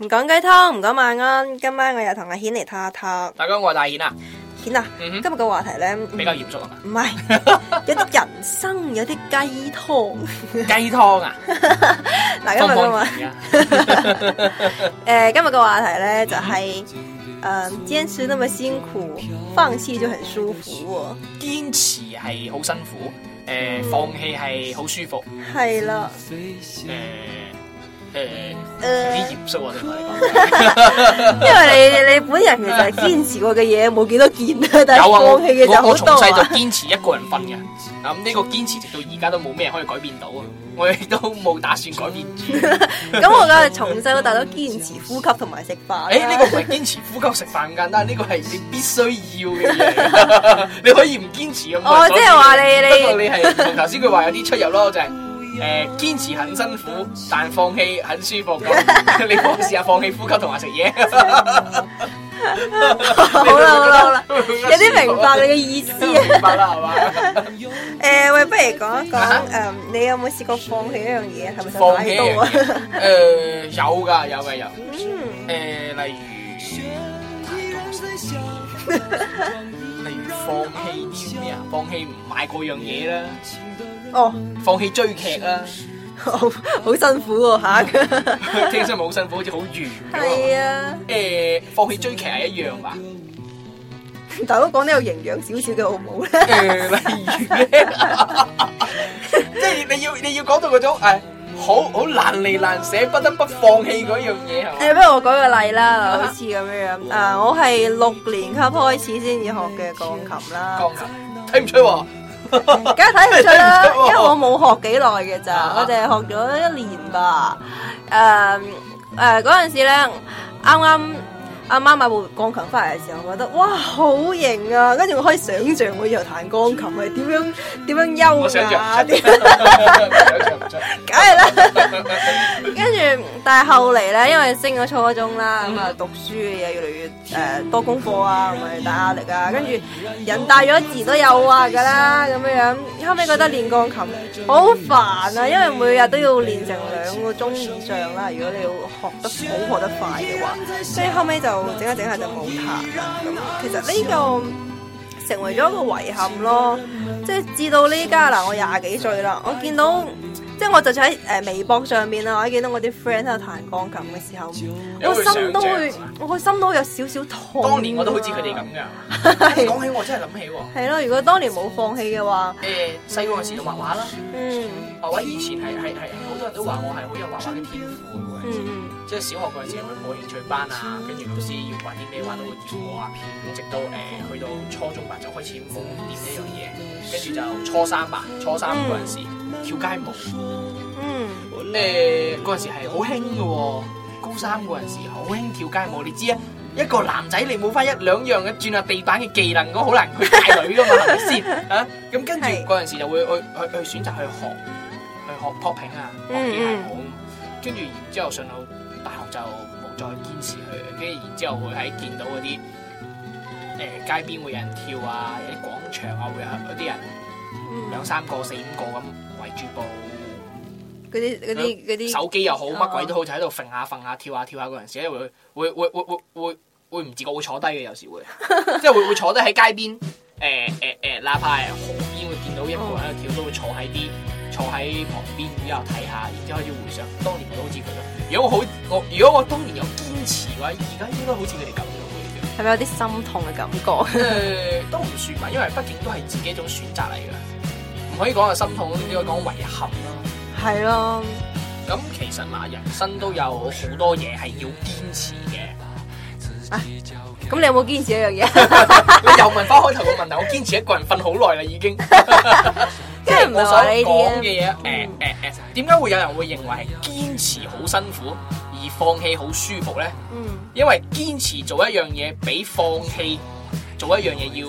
唔講雞湯，唔講晚安，今晚我又同阿顯嚟探一探。talk talk，大家好，我係大顯啊，顯啊，今日個話題咧比較嚴肅啊，唔係，有啲人生，有啲雞湯，雞湯啊，嗱今日嘅嘛，誒，今日嘅話題咧就係，嗯，堅持那麼辛苦，放棄就很舒服。堅持係好辛苦，誒，放棄係好舒服，係啦，誒。誒，有啲嚴肅，我同你講，因為你你本人其實堅持過嘅嘢冇幾多件，但係放棄嘅就好多啊。我從細堅持一個人瞓嘅，咁呢個堅持直到而家都冇咩可以改變到啊，我亦都冇打算改變。咁我梗係從細到大都堅持呼吸同埋食飯。誒，呢個唔係堅持呼吸食飯咁簡單，呢個係你必須要嘅嘢。你可以唔堅持嘅。我即係話你你你係頭先佢話有啲出入咯，就係。誒，堅、呃、持很辛苦，但放棄很舒服。咁你可試下放棄呼吸同埋食嘢？好啦好啦好啦，有啲明白你嘅意思 明白啦係嘛？誒、呃，喂，不如講一講，誒，啊、你有冇試過放棄一樣嘢啊？係咪？放棄？誒，有噶有嘅有。誒、嗯呃，例如，例 如放棄啲咩啊？放棄唔買嗰樣嘢啦。哦，放棄追劇啦，好辛苦喎吓，聽真好辛苦，好似好愚係啊，誒，放棄追劇係一樣吧？大家講啲有營養少少嘅好唔好咧？即係你要你要講到嗰種誒，好好難離難捨，不得不放棄嗰樣嘢係嘛？誒，不如我舉個例啦，好似咁樣樣啊，我係六年級開始先至學嘅鋼琴啦，鋼琴睇唔出喎。梗係睇唔出啦，出啊、因為我冇學幾耐嘅咋， 我淨係學咗一年吧。誒、um, 誒、uh,，嗰陣時咧啱啱。阿媽買部鋼琴翻嚟嘅時候，我覺得哇好型啊！跟住我可以想像我以後彈鋼琴係點樣點樣優雅，啊，點梗係啦。跟住 了 但係後嚟咧，因為升咗初中啦，咁啊、嗯、讀書嘅嘢越嚟越誒、呃、多功課啊，同埋大壓力啊。跟住、嗯、人大咗字都有啊，噶啦咁樣。後尾覺得練鋼琴好煩啊，因為每日都要練成兩個鐘以上啦。如果你要學得好、學得快嘅話，所以後尾就。整一整下就冇彈，咁其實呢個成為咗一個遺憾咯。即係至到呢家嗱，我廿幾歲啦，我見到即係我就在喺誒微博上面啊，我見到我啲 friend 喺度彈鋼琴嘅時候，我心都會，我個心，心都有少少痛。當年我都好似佢哋咁嘅，講起我真係諗起。係咯， 如果當年冇放棄嘅話，誒、欸，細個我試過畫畫啦。嗯，啊喂、嗯，以前係係係好多人都話我係好有畫畫嘅天賦。嗯，即係小學嗰陣時會報興趣班啊，跟住老師要玩啲咩玩到熱鍋啊片，咁直到誒去到初中吧就開始冇掂呢樣嘢，跟住就初三吧，初三嗰陣時跳街舞，嗯，誒嗰陣時係好興噶，高三嗰陣時好興跳街舞，你知啊？一個男仔你冇翻一兩樣嘅轉入地板嘅技能，我好難去帶女噶嘛，係咪先啊？咁跟住嗰陣時就會去去去選擇去學，去學托平啊，學跳舞。跟住然之後上到大學就冇再堅持佢，跟住然之後會喺見到嗰啲誒街邊會有人跳啊，有啲廣場啊會有嗰啲人兩三個、四五個咁圍住部嗰啲啲啲手機又好，乜鬼都好，就喺度揈下瞓下跳下跳下嗰陣時，因為會會會會會唔自覺會坐低嘅有時會，即係會會坐低喺街邊誒誒誒，哪怕係河邊會見到一個人喺度跳都會坐喺啲。坐喺旁邊，然後睇下，然之後開始回想當年我都好似咁樣。如果好，我如果我當年有堅持嘅話，而家應該好似你哋咁樣。係咪有啲心痛嘅感覺？呃、都唔算吧，因為畢竟都係自己一種選擇嚟嘅，唔可以講係心痛，應該講遺憾咯。係咯、啊。咁其實嘛，人生都有好多嘢係要堅持嘅。咁、啊、你有冇堅持一樣嘢？你 又問翻開頭個問題，我堅持一個人瞓好耐啦，已經。 即係、啊、我想講嘅嘢，誒誒誒，點解會有人會認為係堅持好辛苦而放棄好舒服咧？嗯，因為堅持做一樣嘢比放棄做一樣嘢要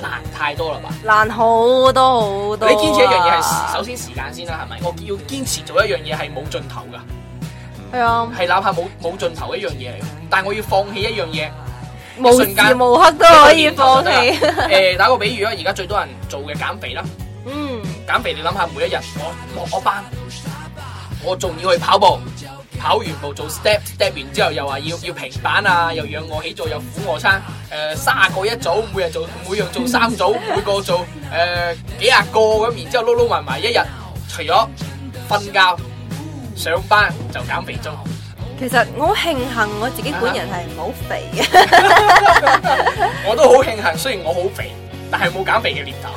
難太多啦嘛，難好多好多、啊。你堅持一樣嘢係首先時間先啦，係咪？我要堅持做一樣嘢係冇盡頭噶，係啊、嗯，係哪怕冇冇盡頭一樣嘢，嚟但係我要放棄一樣嘢，無時無刻都可以放棄。誒， 打個比喻啦，而家最多人做嘅減肥啦。減肥，你諗下每一日我落咗班，我仲要去跑步，跑完步做 step step 完之後又話要要平板啊，又仰臥起坐又俯臥撐，誒三個一組，每日做每樣做三組，每個做誒幾廿個咁，然之後撈撈埋埋一日，除咗瞓覺、上班就減肥中。其實我慶幸我自己本人係唔好肥嘅，我都好慶幸，雖然我好肥。但係冇減肥嘅年頭，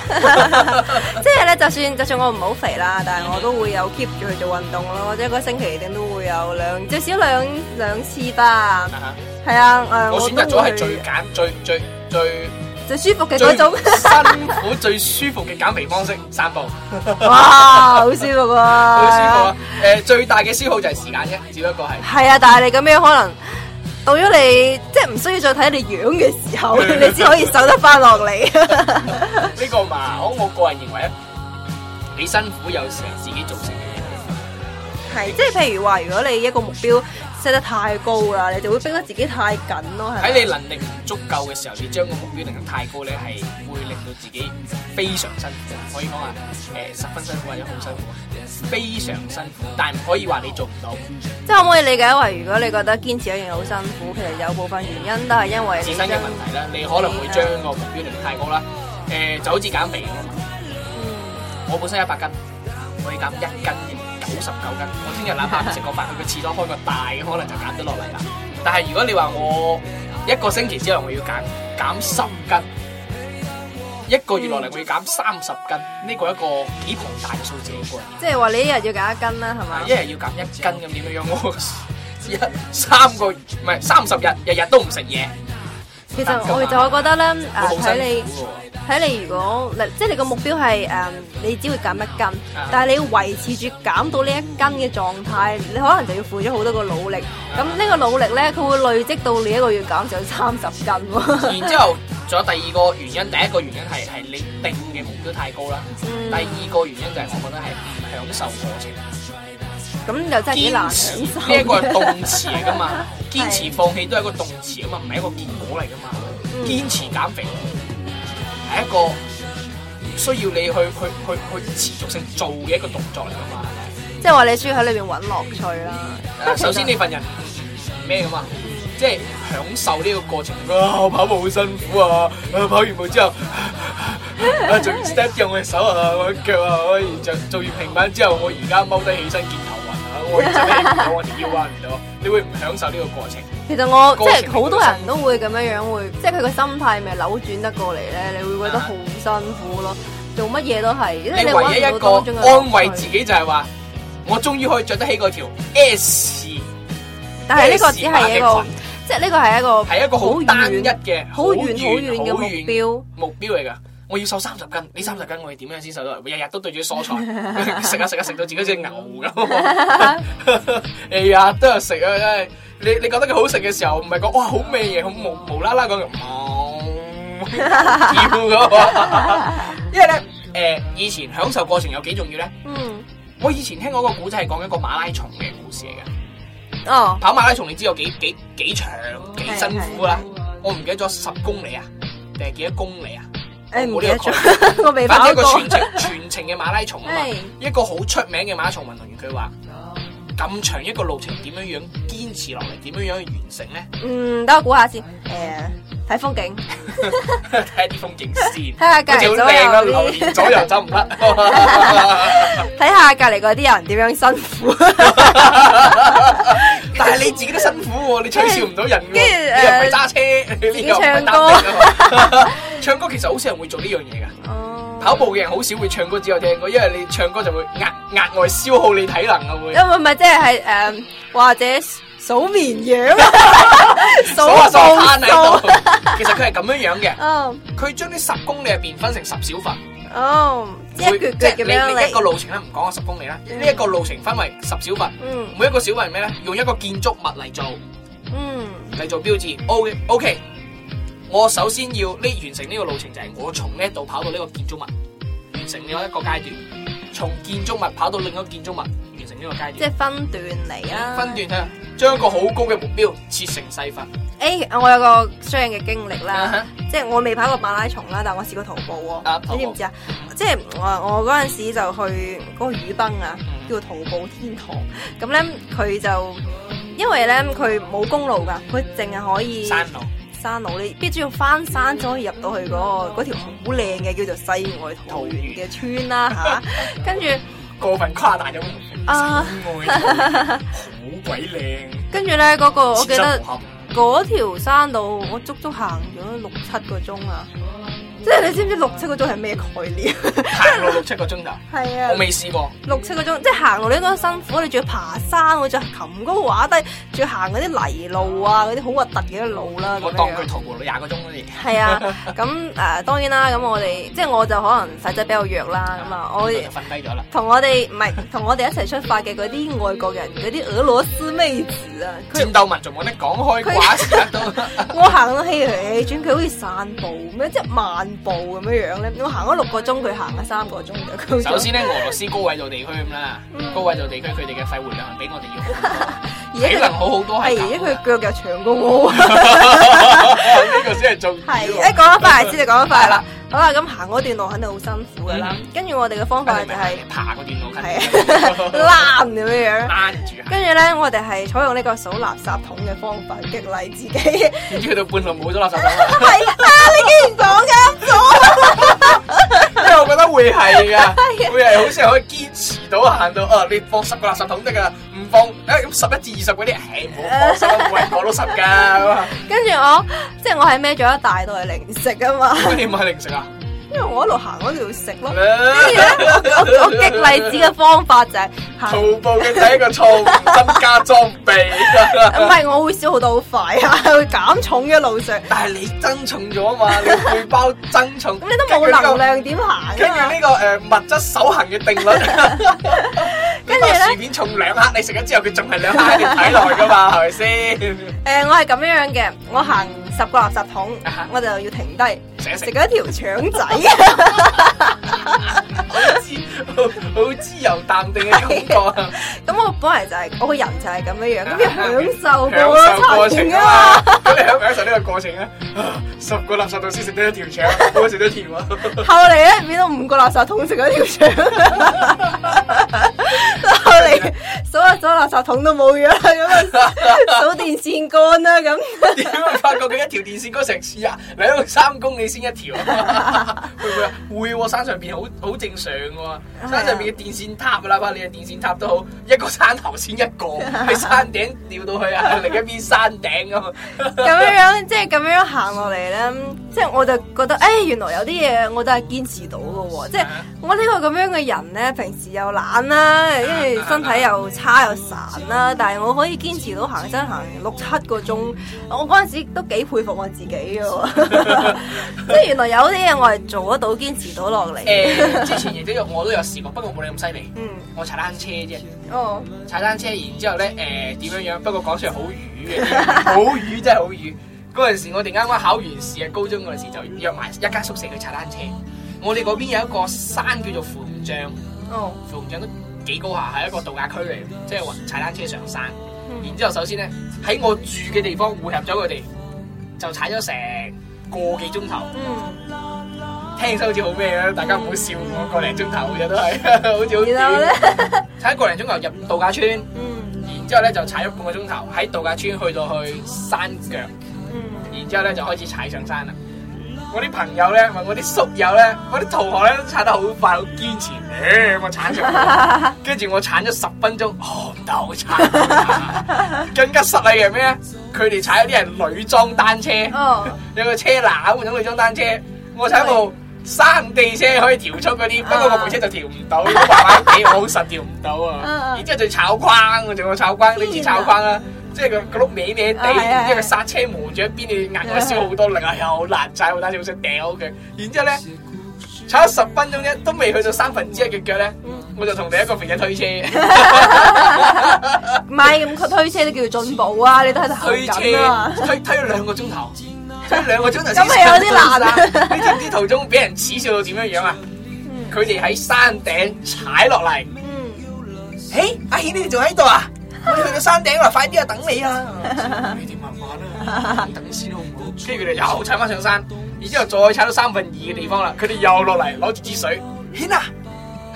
即係咧，就算就算我唔好肥啦，但係我都會有 keep 住去做運動咯，一個星期一定都會有兩最少兩兩次吧，係、uh huh. 啊，我，我選擇咗係最減最最最最舒服嘅嗰種辛苦 最舒服嘅減肥方式，散步，哇，好舒服喎，好舒服啊！誒、 啊呃，最大嘅消耗就係時間啫，只不過係係 啊，但係你咁樣可能。到咗你即係唔需要再睇你樣嘅時候， 你先可以守得翻落嚟。呢、這個嘛，我我個人認為咧，幾辛苦有時自己造成嘅嘢，係、 這個、即係譬如話，如果你一個目標。set 得太高啦，你就會逼得自己太緊咯。喺你能力唔足夠嘅時候，你將個目標定得太高咧，係會令到自己非常辛苦。可以講話，誒十分辛苦或者好辛苦，非常辛苦，但唔可以話你做唔到。即係可唔可以理解為，如果你覺得堅持一樣嘢好辛苦，其實有部分原因都係因為自身嘅問題啦。你可能會將個目標定得太高啦。誒，就好似減肥咁啊嘛。嗯，我本身一百斤，我要減一斤。九十九斤，我聽日哪怕唔食個飯，佢次多開個大，可能就減得落嚟啦。但係如果你話我一個星期之內我要減減十斤，一個月落嚟，我要減三十斤，呢、嗯、個一個幾龐大嘅數字，即係話你一日要減一斤啦，係咪、啊？一日要減一斤咁點樣樣？我 一三個月唔係三十日，日日都唔食嘢。其實我就我覺得咧，我使、啊、你。睇你如果嗱，即係你個目標係誒，你只會減一斤，但係你要維持住減到呢一斤嘅狀態，你可能就要付咗好多個努力。咁呢個努力咧，佢會累積到你一個月減咗三十斤喎。然之後仲有第二個原因，第一個原因係係你定嘅目標太高啦。第二個原因就係我覺得係唔享受過程。咁又真係幾難堅持。呢一個係動詞嚟噶嘛？堅持放棄都係一個動詞啊嘛，唔係一個結果嚟噶嘛？堅持減肥。係一個需要你去去去去持續性做嘅一個動作嚟噶嘛、啊，即係話你需要喺裏邊揾樂趣啦。首先呢份人咩噶嘛，即係享受呢個過程、啊、我跑步好辛苦啊，啊，跑完步之後 仲 step 用嘅手啊、我腳啊，做做完平板之後，我而家踎低起身見頭暈啊，我直頭扭我條腰彎唔到，你會唔享受呢個過程？其實我即係好多人都會咁樣樣，會即係佢個心態咪扭轉得過嚟咧？你會覺得好辛苦咯，做乜嘢都係。即係你搵一個安慰自己，就係話我終於可以著得起嗰條 S。但係呢個只係一個，即係呢個係一個係一個好單一嘅好遠好遠嘅目標目標嚟噶。我要瘦三十斤，呢三十斤我要點樣先瘦到嚟？日日都對住啲蔬菜食啊食啊食到自己隻牛咁。哎呀，都係食啊！真係。你你覺得佢好食嘅時候，唔係講哇好味嘢，好無無啦啦講唔叫噶，因為咧誒、 呃、以前享受過程有幾重要咧。嗯，我以前聽嗰個古仔係講一個馬拉松嘅故事嚟嘅。哦，跑馬拉松你知有幾幾幾長幾辛苦啦、哦啊？我唔記得咗十公里啊，定係幾多公里啊？誒唔記得咗，我未跑過。反正一個全程全程嘅馬拉松啊嘛， 一個好出名嘅馬拉松運 動員佢話。咁長一個路程，點樣樣堅持落嚟？點樣樣去完成咧？嗯，等我估下先。誒、呃，睇風景，睇下啲風景先。睇下隔籬左右，左右走唔得。睇下隔籬嗰啲人點樣辛苦， 但係你自己都辛苦喎、啊，你取笑唔到人、啊。跟住誒，揸、呃、車，唱歌、 啊，唱歌其實好少人會做呢樣嘢噶。嗯跑步嘅人好少會唱歌，只有聽歌，因為你唱歌就會壓額外消耗你體能嘅會。唔唔唔，即係誒，或者數綿羊，數啊數，趴喺度。其實佢係咁樣樣嘅。佢將啲十公里入邊分成十小份。哦。即係你一個路程咧，唔講十公里啦。呢一個路程分為十小份。每一個小份係咩咧？用一個建築物嚟做。嗯。嚟做標誌。O K O K。我首先要呢完成呢個路程，就係、是、我從呢度跑到呢個建築物，完成另外一個階段；從建築物跑到另一個建築物，完成呢個階段。即係分段嚟啦、啊。分段啊！將一個好高嘅目標切成細份。誒、欸，我有個相應嘅經歷啦，uh huh. 即係我未跑過馬拉松啦，但我試過徒步喎。Uh huh. 你知唔知啊？Uh huh. 即係我我嗰陣時就去嗰個雨崩啊，uh huh. 叫徒步天堂。咁咧佢就因為咧佢冇公路噶，佢淨係可以山路。山路你必須要翻山先可以入到去嗰、那個、嗯嗯嗯嗯、條好靚嘅叫做西外桃源嘅村啦嚇，跟住過分誇大咗，啊、西好鬼靚， 跟住咧嗰個我記得嗰條山路我足足行咗六七個鐘啊。即係你知唔知六七個鐘係咩概念啊？係六七個鐘咋？係啊，我未試過。六七個鐘即係行路，你應該辛苦。你仲要爬山，仲要冚嗰個畫低，仲要行嗰啲泥路啊，嗰啲好核突嘅路啦。我當佢徒步廿個鐘先。係啊，咁誒當然啦，咁我哋即係我就可能細隻比較弱啦。咁啊，我瞓低咗啦。同我哋唔係同我哋一齊出發嘅嗰啲外國人嗰啲俄羅斯妹子啊，戰鬥民族仲冇得講開話。我行到起嚟，轉佢好似散步咁樣，即係慢。步咁樣樣咧，你我行咗六個鐘，佢行咗三個鐘。首先咧，俄羅斯高緯度地區咁啦，嗯、高緯度地區佢哋嘅肺活量比我哋要好，而家佢能好好多，係，而且佢腳又長過我。呢個先係重要。係，欸、一講得快，先就講得快啦。好啦，咁行嗰段路肯定好辛苦噶啦，嗯、跟住我哋嘅方法就係、是、爬嗰段路，係拉咁嘅樣，拉住，跟住咧我哋係採用呢個數垃圾桶嘅方法激勵自己，唔知去到半路冇咗垃圾桶，係 啊，你竟然講啱咗。 即係我覺得會係噶， 會係好似可以堅持到行到， 啊，你放十個垃圾桶得噶，唔放，哎咁十一至二十嗰啲，全部放收，喂， 攞到十噶。跟住我，即係我係孭咗一大袋零食啊嘛。你買零食啊？因為我一路行，我一路食咯。我做激勵子嘅方法就係行徒步嘅第一個錯誤，增 加裝裝備。唔 係，我會消耗到好快啊，會減重一路食。但係你增重咗啊嘛，你背包增重。咁 你都冇、這個、能量點、啊這個呃、行跟住呢個誒物質守恒嘅定律。跟住薯片重兩克，你食咗之後佢仲係兩克，你體內噶嘛係咪先？誒、 呃，我係咁樣嘅，我行十個垃圾桶，我就要停低。食咗一條腸仔，好好好自由淡定嘅感覺。咁、 啊、我本來就係、是、我個人就係咁樣樣，咁享受享受過程啊，啊！咁你享受呢個過程咧、啊， 十個垃圾桶先食得一條腸，冇食得甜啊 來呢！後嚟咧變到五個垃圾桶食咗一條腸。數下數垃圾桶都冇用，咁啊數電線杆啦咁。點 會發覺佢一條電線杆成次啊？兩三公里先一條，會、啊、唔 會？會喎，山上邊好好正常喎。山上邊嘅、啊、電線塔啦，啊、怕你嘅電線塔都好，一個山頭先一個喺 山頂掉到去啊，另一邊山頂咁、啊。咁、啊、樣、就是、樣即係咁樣行落嚟咧，即係我就覺得誒，原來有啲嘢我都係堅持到㗎喎。即係、啊、我呢個咁樣嘅人咧，平時又懶啦，因為 體 身體又差又散啦，但係我可以堅持到行山行六七個鐘。我嗰陣時都幾佩服我自己噶，即 係原來有啲嘢我係做得到、堅持到落嚟。誒、 呃，之前亦都有，我都有試過，不過冇你咁犀利。嗯，我踩單車啫。哦，踩單車，然之後咧，誒、呃，點樣樣？不過講出嚟 好瘀嘅，好瘀真係好瘀。嗰陣時我哋啱啱考完試啊，高中嗰陣時就約埋一間宿舍去踩單車。我哋嗰邊有一個山叫做芙蓉嶂。哦、嗯，芙蓉嶂都。幾高下，係一個度假區嚟，即係踩單車上山。然之後首先咧，喺我住嘅地方匯合咗佢哋，就踩咗成個幾鐘頭。嗯、聽起身好似好咩嘅，大家唔好笑我個零鐘， 后 鐘頭，日都係好似好似踩一個零鐘頭入度假村。然之後咧就踩咗半個鐘頭，喺度假村去到去山腳。然之後咧就開始踩上山啦。我啲朋友呢，咧，我啲宿友呢，我啲同學呢，都踩得好快，好堅持，誒、欸，我踩咗，跟住我踩咗十分鐘，哦，唔得，好慘，更加實力嘅係咩？佢哋踩嗰啲係女裝單車，哦、 有個車籃嗰種女裝單車，我踩部山地車可以調速嗰啲，不過、哦、我部車就調唔到，爸爸幾好實調唔到啊，啊啊然之後就炒框，仲有炒框，啊、你知炒框啦、啊。即係個嗰碌歪歪地，因為剎車磨住一邊，你壓我燒好多力啊，又、啊、難踩，好大好想掉佢。然之後咧，踩咗十分鐘啫，都未去到三分之一嘅腳咧，嗯、我就同第一個肥仔推車。咪咁佢推車都叫做進步啊！你都喺度、啊、 推車，推推兩個鐘頭，推兩個鐘頭。咁咪 有啲難啊！ 你知唔知途中俾人恥笑到點樣樣啊？佢哋喺山頂踩落嚟。嘿、嗯，阿喜你哋仲喺度啊？我哋 去到山頂啦，快啲啊，等你啊！你哋慢慢啦，等先好唔好？跟住佢哋又踩翻上山，然之後再踩到三分二嘅地方啦，佢哋又落嚟攞住支水。軒啊，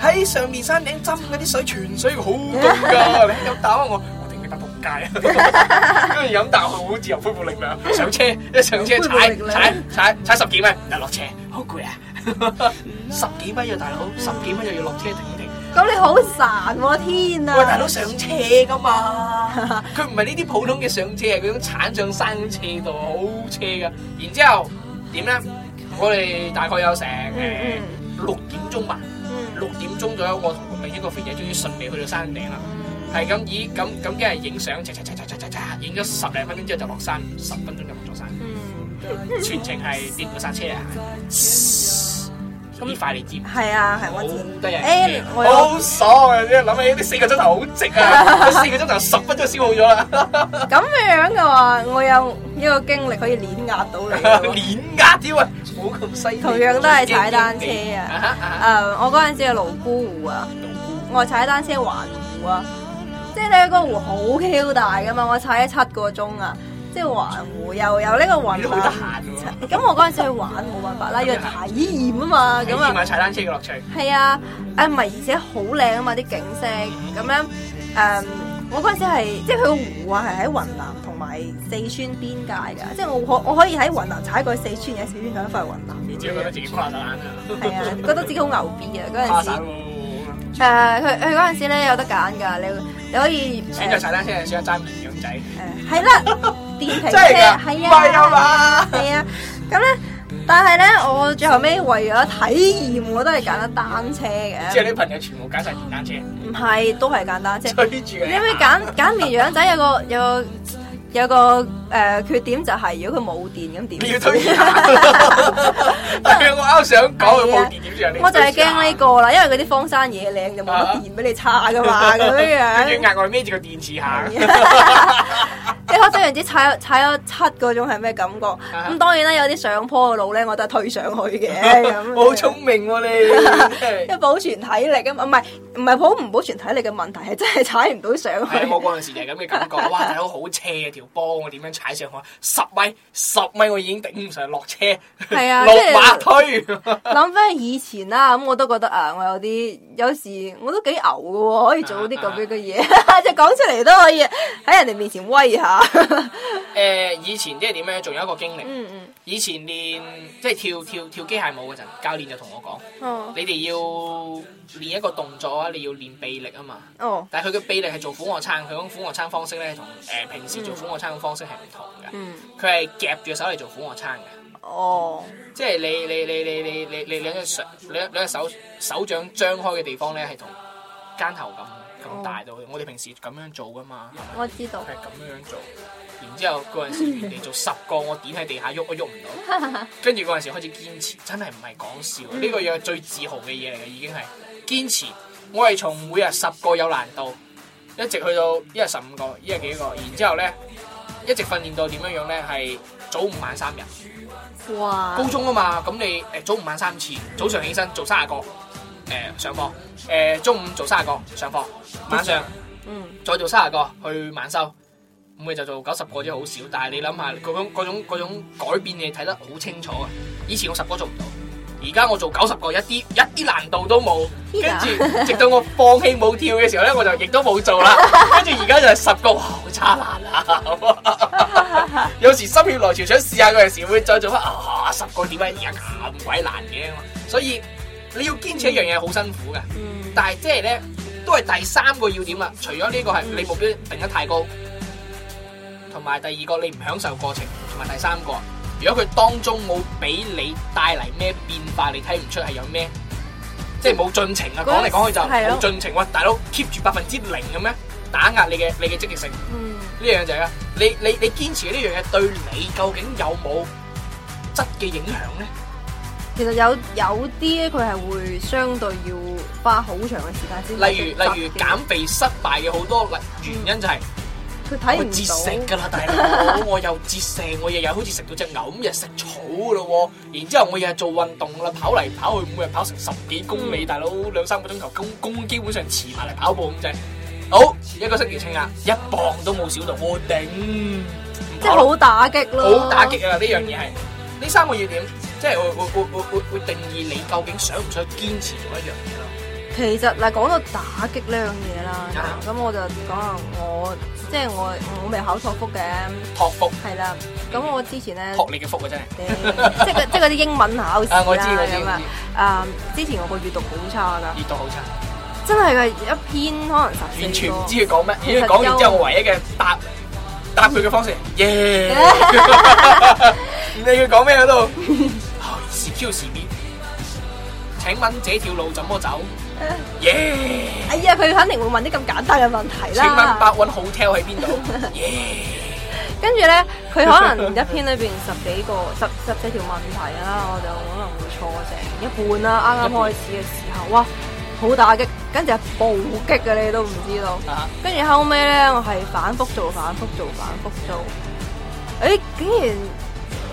喺上面山頂斟嗰啲水，泉水好凍噶，你飲啖我，我哋佢打撲街啊！跟住飲啖好自由恢復力量。啊！上車一上車踩踩踩踩十幾米，又 落 車，好攰啊！十幾米啊大佬，十幾米又要落車咁你好孱喎天啊！喂，大佬上斜噶嘛？佢唔係呢啲普通嘅上斜，係嗰種鏟上山咁斜度，好斜噶。然之後點咧？我哋大概有成六點鐘吧，六點鐘左右，我同另一個肥仔終於順利去到山頂啦。係咁，咦？咁咁一係影相，影咗十零分鐘之後就落山，十分鐘就落咗山。全程係跌扶山車啊！快嚟接！係啊，係、欸、我接，好得人接，好爽啊！即係諗起呢四個鐘頭好值啊！四個鐘頭十分鐘消耗咗啦。咁樣樣嘅話，我有呢個經歷可以碾壓到你。碾壓啲啊！冇咁犀。同樣都係踩單車啊！ 啊，我嗰陣時係瀘沽湖啊， 我踩單車環湖啊，即係呢個湖好 h 大噶嘛，我踩咗七個鐘啊。即係環湖，又有呢個雲南。咁、嗯、我嗰陣時去玩冇辦法啦，因為太熱啊嘛，咁啊。唔踩單車嘅樂趣。係啊，誒唔係，而且好靚啊嘛啲景色，咁樣誒，我嗰陣時係即係佢個湖啊，係喺雲南同埋四川邊界㗎。即係我可我可以喺雲南踩過去四川嘅四川嗰塊雲南。你知唔知自己誇大啊？係啊，覺得自己好牛逼啊！嗰陣、啊、時佢佢嗰陣時咧有得揀㗎，你你可以選擇踩單車、啊，選擇揸綿羊仔。誒係啦。 電瓶車係啊，係啊，咁咧，但係咧，我最後屘為咗體驗，我都係揀咗單車嘅。即係啲朋友全部揀晒電單車，唔係都係揀單車。推住嘅。你有冇揀揀綿羊仔？有個有個有個誒缺點就係，如果佢冇電咁點？你要推住。我啱想講佢冇電點算？我就係驚呢個啦，因為嗰啲荒山野嶺咁，冇電俾你差噶嘛，咁樣樣。跟住額外孭住個電池下。你可想而知踩咗踩咗七個鐘係咩感覺？咁當然啦，有啲上坡嘅路咧，我都係推上去嘅。咁、 嗯、好聰明喎、啊、你，一 保存體力啊！唔係。唔係保唔保存體力嘅問題，係真係踩唔到上去。係我嗰陣時就係咁嘅感覺，哇！大佬好斜條波，我點樣踩上去？十米，十米我已經頂唔上落車，落的馬推。諗翻、就是、 以前啦，咁我都覺得啊，我有啲有時我都幾牛嘅，可以做啲咁樣嘅嘢，即係講出嚟都可以喺人哋面前威下。誒， 以前即係點咧？仲有一個經歷。嗯嗯以前練即係跳跳跳機械舞嗰陣，教練就同我講，你哋要練一個動作啊，你要練臂力啊嘛。哦。但係佢嘅臂力係做俯卧撐，佢種俯卧撐方式咧同，誒平時做俯卧撐嘅方式係唔同嘅。佢係夾住手嚟做俯卧撐嘅。哦。即係你你你你你你你兩隻兩兩隻手手掌張開嘅地方咧係同肩頭咁咁大到，我哋平時咁樣做噶嘛。我知道。係咁樣樣做。然之後嗰陣時原嚟做十個我，我點喺地下喐都喐唔到，跟住嗰陣時開始堅持，真係唔係講笑，呢、呢個樣最自豪嘅嘢嚟嘅，已經係堅持。我係從每日十個有難度，一直去到一日十五個，一日幾個，然之後咧一直訓練到點樣樣咧係早午晚三日。哇！高中啊嘛，咁你誒早午晚三次，早上起身做三十個，誒、呃、上課，誒、呃、中午做三十個上課，晚上嗯再做三十個去晚修。咁咪就做九十個啫，好少。但係你諗下，嗰種嗰種嗰種改變嘅嘢，睇得好清楚啊！以前我十個做唔到，而家我做九十個一，一啲一啲難度都冇。跟住直到我放棄冇跳嘅時候咧，我就亦都冇做啦。跟住而家就係十個好差難啦。有時心血來潮想試下嗰陣時，會再做翻啊！十個點解而家咁鬼難嘅？所以你要堅持一樣嘢，好辛苦嘅。但係即係咧，都係第三個要點啦。除咗呢個係你目標定得太高。同埋第二個你唔享受過程，同埋第三個，如果佢當中冇俾你帶嚟咩變化，你睇唔出係有咩，即係冇進程啊！講嚟講去就係冇進程，喂的，大佬 keep 住百分之零咁咩？打壓你嘅你嘅積極性，嗯，呢樣就係、是、啦。你你你堅持呢樣嘢對你究竟有冇質嘅影響咧？其實有有啲咧，佢係會相對要花好長嘅時間先如。例如例如減肥失敗嘅好多原因就係、嗯。嗯佢睇唔到，我會節食噶啦，大佬， 我又節食，我日日好似食到隻牛咁，日食草噶咯。然之後我日日做運動啦，跑嚟跑去，每日跑成十幾公里，嗯、大佬兩三個鐘頭公公基本上遲埋嚟跑步咁啫。好，一個星期秤啊一磅都冇少到，我頂，即係好打擊咯，好打擊啊！呢樣嘢係呢三個要點，即係我會會會會會定義你究竟想唔想堅持做一樣嘢。其實嗱，講到打擊呢樣嘢啦，咁我就講下我，即係我我未考托福嘅。托福係啦，咁我之前咧託你嘅福啊，真係，即係即係嗰啲英文考試我知佢點啊。誒，之前我個閲讀好差噶，閲讀好差，真係一篇可能十完全唔知佢講咩，因為講完之後我唯一嘅答答佢嘅方式，耶，你佢講咩喺度，係 CQCB。請問這條路怎麼走？耶！哎呀，佢肯定會問啲咁簡單嘅問題啦。請問白雲 hotel 喺邊度？耶！跟住咧，佢可能一篇裏邊十幾個十十幾條問題啦，我就可能會錯成一半啦。啱啱開始嘅時候，哇，好打擊，跟住係暴擊嘅，你都唔知道。跟住後尾咧，我係反覆做、反覆做、反覆做。誒，竟然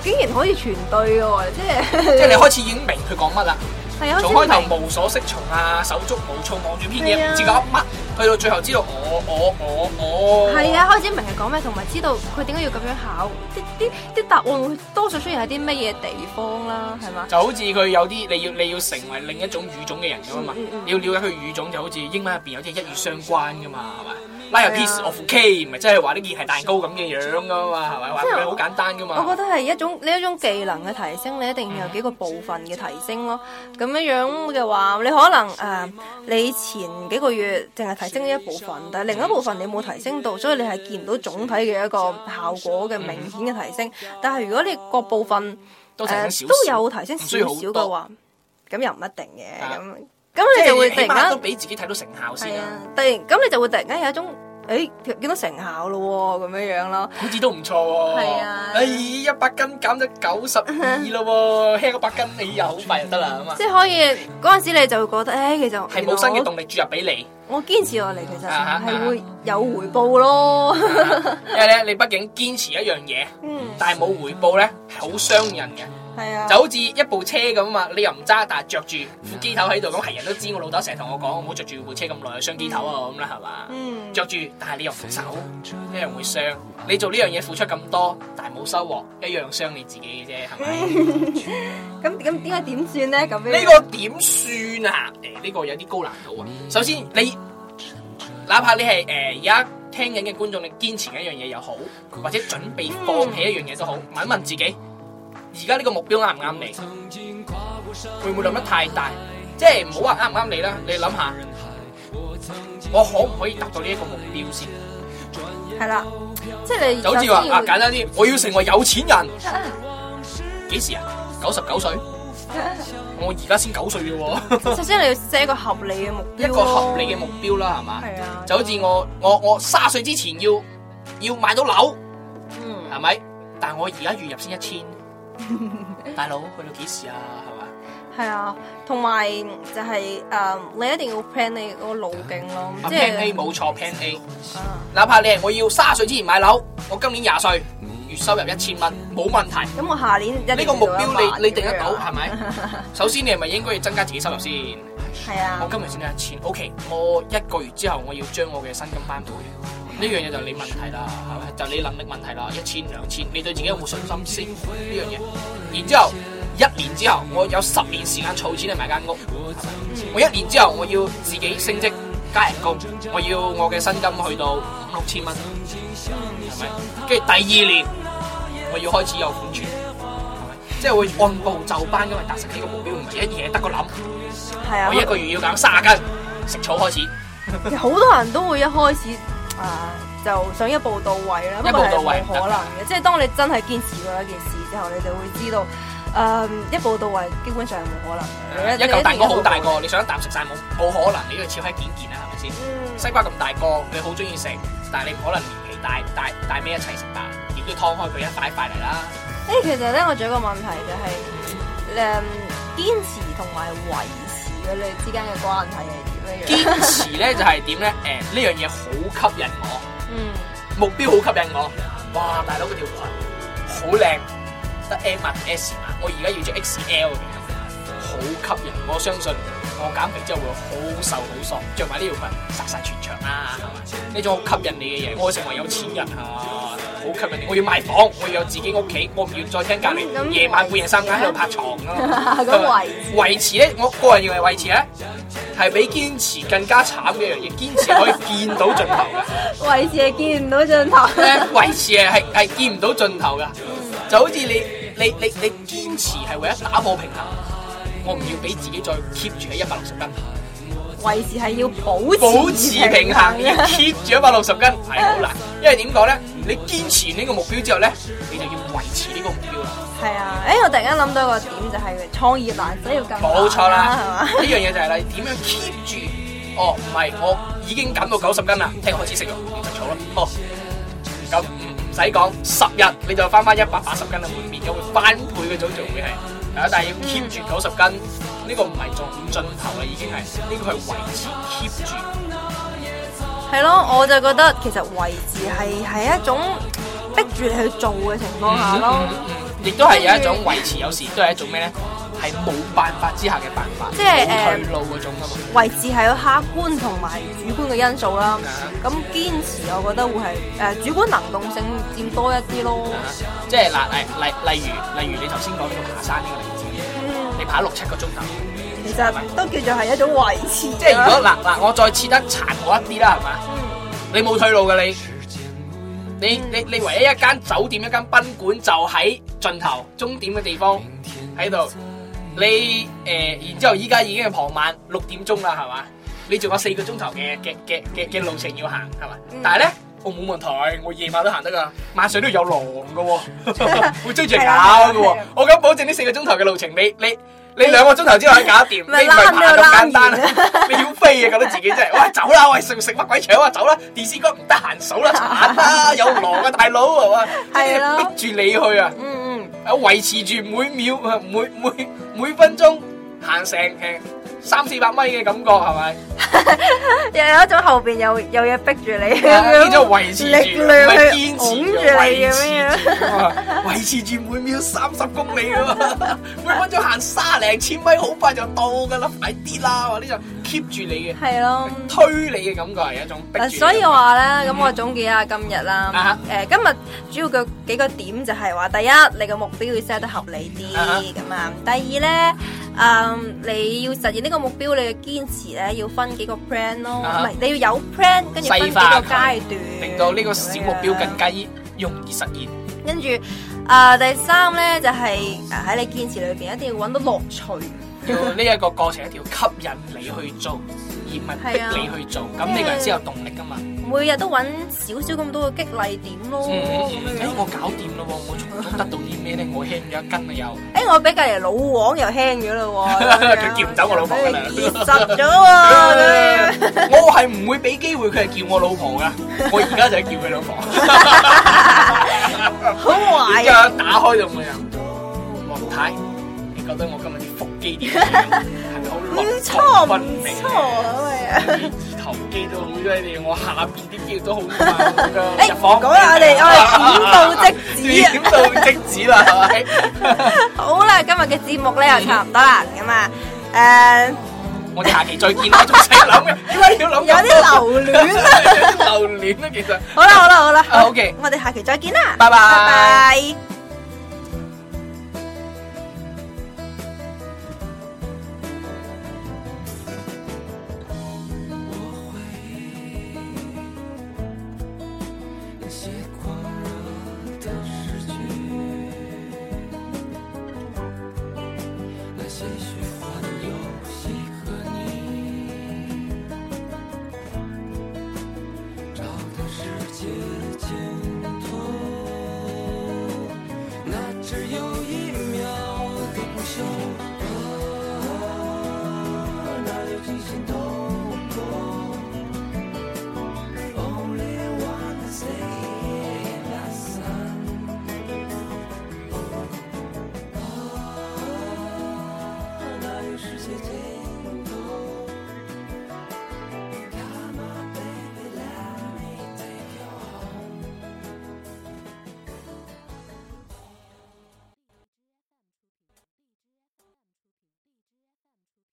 竟然可以全對嘅，即係即係你開始已經明佢講乜啦。從、啊、開頭無所適從啊，手足無措，望住篇嘢唔知搞乜，去、哦、到最後知道我我我我，係、哦哦哦、啊，開始明係講咩，同埋知道佢點解要咁樣考，啲啲啲答案多數出現喺啲乜嘢地方啦，係嘛？就好似佢有啲你要你要成為另一種語種嘅人咁啊嘛，啊你要了解佢語種就好似英文入邊有啲一語相關噶嘛，係嘛？layers、like、of cake 咪即係話啲件事蛋糕咁嘅樣噶嘛，係咪？係咪好簡單噶嘛。我覺得係一種呢一種技能嘅提升，你一定要有幾個部分嘅提升咯。咁、嗯、樣樣嘅話，你可能誒、呃、你前幾個月淨係提升咗一部分，但係另一部分你冇提升到，嗯、所以你係見唔到總體嘅一個效果嘅明顯嘅提升。嗯、但係如果你各部分、呃都，呃、都有提升少少嘅話，咁又唔一定嘅咁。Yeah. 咁你就會突然間都俾自己睇到成效先啦。突然咁你就會突然間有一種誒，見到成效咯，咁樣樣咯，好似都唔錯喎。係啊，誒，一百斤減咗九十二咯，輕咗百斤，誒，又好快就得啦，咁啊。即係可以嗰陣時，你就會覺得誒，其實係冇新嘅動力注入俾你。我堅持落嚟，其實係會有回報咯。因為咧，你畢竟堅持一樣嘢，但係冇回報咧，係好傷人嘅。係啊， 就好似一部車咁嘛，你又唔揸，但係着住副機頭喺度咁，係人都知我老豆成日同我講，唔好着住部車咁耐傷機頭啊咁啦，係嘛、嗯嗯？嗯，着住但係你又唔走，一樣會傷。你做呢樣嘢付出咁多，但係冇收穫，一樣傷你自己嘅啫，係咪？咁咁點解點算咧？咁呢個點算啊？誒、哎，呢、這個有啲高難度啊。首先，嗯、你哪怕你係誒而家聽緊嘅觀眾，你堅持一樣嘢又好，或者準備放棄一樣嘢都好，問一問自己。而家呢個目標啱唔啱你？會唔會諗得太大？即係唔好話啱唔啱你啦。你諗下，我可唔可以達到呢一個目標先？係啦，即係你。就好似話啊，簡單啲，我要成為有錢人，幾時啊？九十九歲？我而家先九歲嘅。首先你要寫一個合理嘅目標，一個合理嘅目標啦，係嘛？係啊。就好似我我我三十歲之前要要買到樓，嗯，係咪？但我而家月入先一千。大佬去到幾時啊？係嘛？係啊，同埋就係誒，你一定要 plan 你嗰個路徑咯。plan A 冇錯，plan A。哪怕你係我要卅歲之前買樓，我今年廿歲，月收入一千蚊，冇問題。咁我下年呢個目標你你定得到係咪？首先你係咪應該要增加自己收入先？係啊。我今日先得一千，OK。我一個月之後我要將我嘅薪金翻倍。呢樣嘢就係你問題啦，係咪？就係、你能力問題啦，一千兩千，你對自己有冇信心先？呢樣嘢，然之後一年之後，我有十年時間儲錢嚟買間屋，係咪？嗯、我一年之後我要自己升職加人工，我要我嘅薪金去到五六千蚊，係咪？跟住第二年我要開始有存款，係咪？即係會按部就班咁樣達成呢個目標，唔係一嘢得個諗，係啊。我一個月要減卅斤食草開始。好、嗯、 多人都會一開始。啊，就想一步到位啦，不過係冇可能嘅。即係當你真係堅持過一件事之後，你就會知道，誒、呃，一步到位基本上係冇可能嘅。嗯、你一嚿、嗯嗯、蛋糕好大個，你想啖食晒冇冇可能你？你都要切開件件啦，係咪先？西瓜咁大個，你好中意食，但係你唔可能連皮帶，帶帶咩一齊食吧？亦都劏開佢一塊塊嚟啦。誒，其實咧我仲有一個問題就係、是，誒、嗯，堅持同埋維持嘅你之間嘅關係係。堅持咧就係點咧？誒、嗯，呢樣嘢好吸引我，目標好吸引我。哇，大佬嗰條裙好靚，得 M 碼定 S 碼，我而家要着 XL 嘅，好吸引我。我相信我減肥之後會好瘦好索，着埋呢條裙殺晒全場啦，係、啊、嘛？呢種好吸引你嘅嘢，我會成為有錢人啊！好吸引！我要買房，我要有自己屋企，我唔要再聽隔籬夜、嗯、晚半夜三更喺度拍床咯、啊。維維持咧，我個人認為維持咧，係比堅持更加慘嘅一樣嘢。堅持可以見到盡頭嘅，維持係見唔到盡頭。維持係係係見唔到盡頭噶， 就好似你你你你堅持係為咗打破平衡，我唔要俾自己再 keep 住喺一百六十斤。維持係要保持平衡，要 keep 住一百六十斤係好難，因為點講咧？你堅持呢個目標之後咧，你就要維持呢個目標。係啊，誒、欸，我突然間諗到一個點就係創業難，所要、嗯、更難啦，冇錯啦，係嘛吧？呢樣嘢就係你點樣 keep 住？ 哦，唔係，我已經減到九十斤啦，聽日開始食肉，亂執草咯。哦，咁唔使講，十日你就翻翻一百八十斤啦，會變咗會翻倍嘅種做嘅係，但係要 keep 住九十斤。嗯 呢個唔係做唔盡頭啦，已經係呢個係維持 keep 住。係咯，我就覺得其實維持係係一種逼住你去做嘅情況下咯。嗯嗯，亦都係有一種維持，有時都係一種咩咧？係冇辦法之下嘅辦法。即係誒，退路嗰種啊嘛。維持係有客觀同埋主觀嘅因素啦。咁堅持，我覺得會係誒主觀能動性佔多一啲咯。即係嗱，例例例如例如你頭先講到爬山呢個。你跑六七個鐘頭，其實都叫做係一種維持，啊。即係如果嗱嗱，我再設得殘酷一啲啦，係嘛，嗯？你冇退路嘅你，你你你唯一一間酒店一間賓館就喺盡頭終點嘅地方喺度、呃。你誒，然之後依家已經係傍晚六點鐘啦，係嘛？你仲有四個鐘頭嘅嘅嘅嘅嘅路程要行，係嘛？嗯、但係咧。我冇、哦、問題，我夜晚都行得噶，晚上都有狼噶、哦，會追住嚟咬噶。 我敢保證呢四個鐘頭嘅路程，你你你兩個鐘頭之內搞掂，你唔係咁簡單， 你要飛啊！覺得自己真係，喂，走啦！喂，食食乜鬼腸啊？走啦！電視哥唔得閒數啦，慘啦！ 有狼啊，大佬係嘛？係逼住你去啊！嗯嗯，維持住每秒、每每每，每分鐘行成成三四百米嘅感覺，係咪？ 又有一種後邊有有嘢，逼住你，始終維持住，唔係堅持住，你、啊。維持住每秒三十公里、啊， 每分鐘行三零千米，好快就到噶 啦，快啲啦！我呢就。keep 住你嘅，係咯了，推你嘅感覺係一種。所以話咧，咁我總結下今日啦。誒、啊呃，今日主要嘅幾個點就係話，第一，你嘅目標要 set 得合理啲，咁啊。第二咧，誒、呃，你要實現呢個目標，你嘅堅持咧要分幾個 plan 咯，唔係、啊、你要有 plan，跟住分幾個階段，令到呢個小目標更加容易實現。啊、跟住，誒、呃，第三咧就係、是、喺你堅持裏邊，一定要搵到樂趣。要呢一個過程，一定要吸引你去做，而唔係逼你去做，咁你人先有動力噶嘛。每日都揾少少咁多嘅激勵點咯。哎，我搞掂咯，我從中得到啲咩咧？我輕咗一斤啊，又。哎，我俾隔籬老王又輕咗咯，佢叫唔走我老婆噶啦。實咗，我係唔會俾機會佢係叫我老婆噶。我而家就係叫佢老婆。好壞啊！打開就冇人。王太，你覺得我今日？記念係咪好落魄不明？唔錯唔錯，我哋字頭記到好犀利，我下邊啲記都好慢噶哎，講啦，我哋我哋點到即止啊，點到即止啦，係咪？好啦，今日嘅節目咧又差唔多啦，咁啊，誒，我哋下期再見啦，仲使諗嘅？點解要諗？有啲留戀啦，留戀啦，其實。好啦好啦好啦，好嘅，我哋下期再見啦，拜拜。